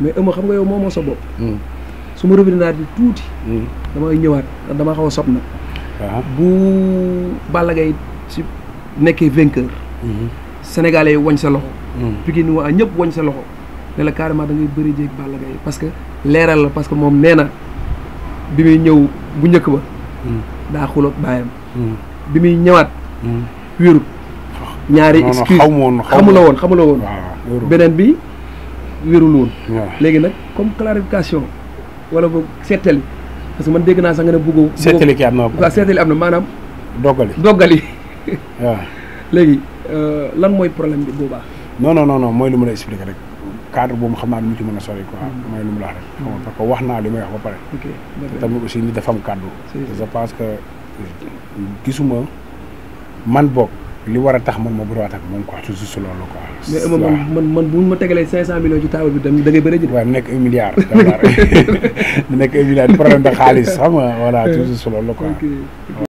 mais ëmb xam nga yow moomoo sa bopp. Hmm. su ma robinet bi tuuti. Hmm. damay ñëwaat dama xaw a sob na ah. bu Balla Gaye si nekkee vainqueur. Hmm. Sénégalais wañ sa loxo. Pikine waa ñëpp wañ sa loxo. ne la carrément bëri jéeg Balla Gaye parce que leeral la parce que moom nee na bi muy ñëw bu njëkk ba. daa xuloo ak bi muy ñëwaat. wéeru ah. ñaari excuse xamula woon xamula woon beneen bi. wérul woon. léegi nag comme clarification wala boog seetali parce que man dégg naa sax nga ne bëggoo. seetali ki am na waaw seetali am na maanaam. doggali doggali. waaw léegi euh, lan mooy problème bi boobaa. non non mooy lu ma la expliqué rek cadre boobu xam naa lu mu ci mën a sori quoi. Hmm. mooy lu mu la wax rek. xam hmm. parce que wax naa li may wax ba pare. te tamit aussi nit dafa am cadre. je pense que euh, gisuma man bokk. li war a tax man ma bëriwaat ak moom quoi toujours si loolu quoi. mais euh, man man man bu ma tegalee 500 millions ci table bi tamit da ngay bëri ji. waaw mu nekk un milliard. mu nekk un milliard problème de xaalis xam nga toujours si loolu quoi.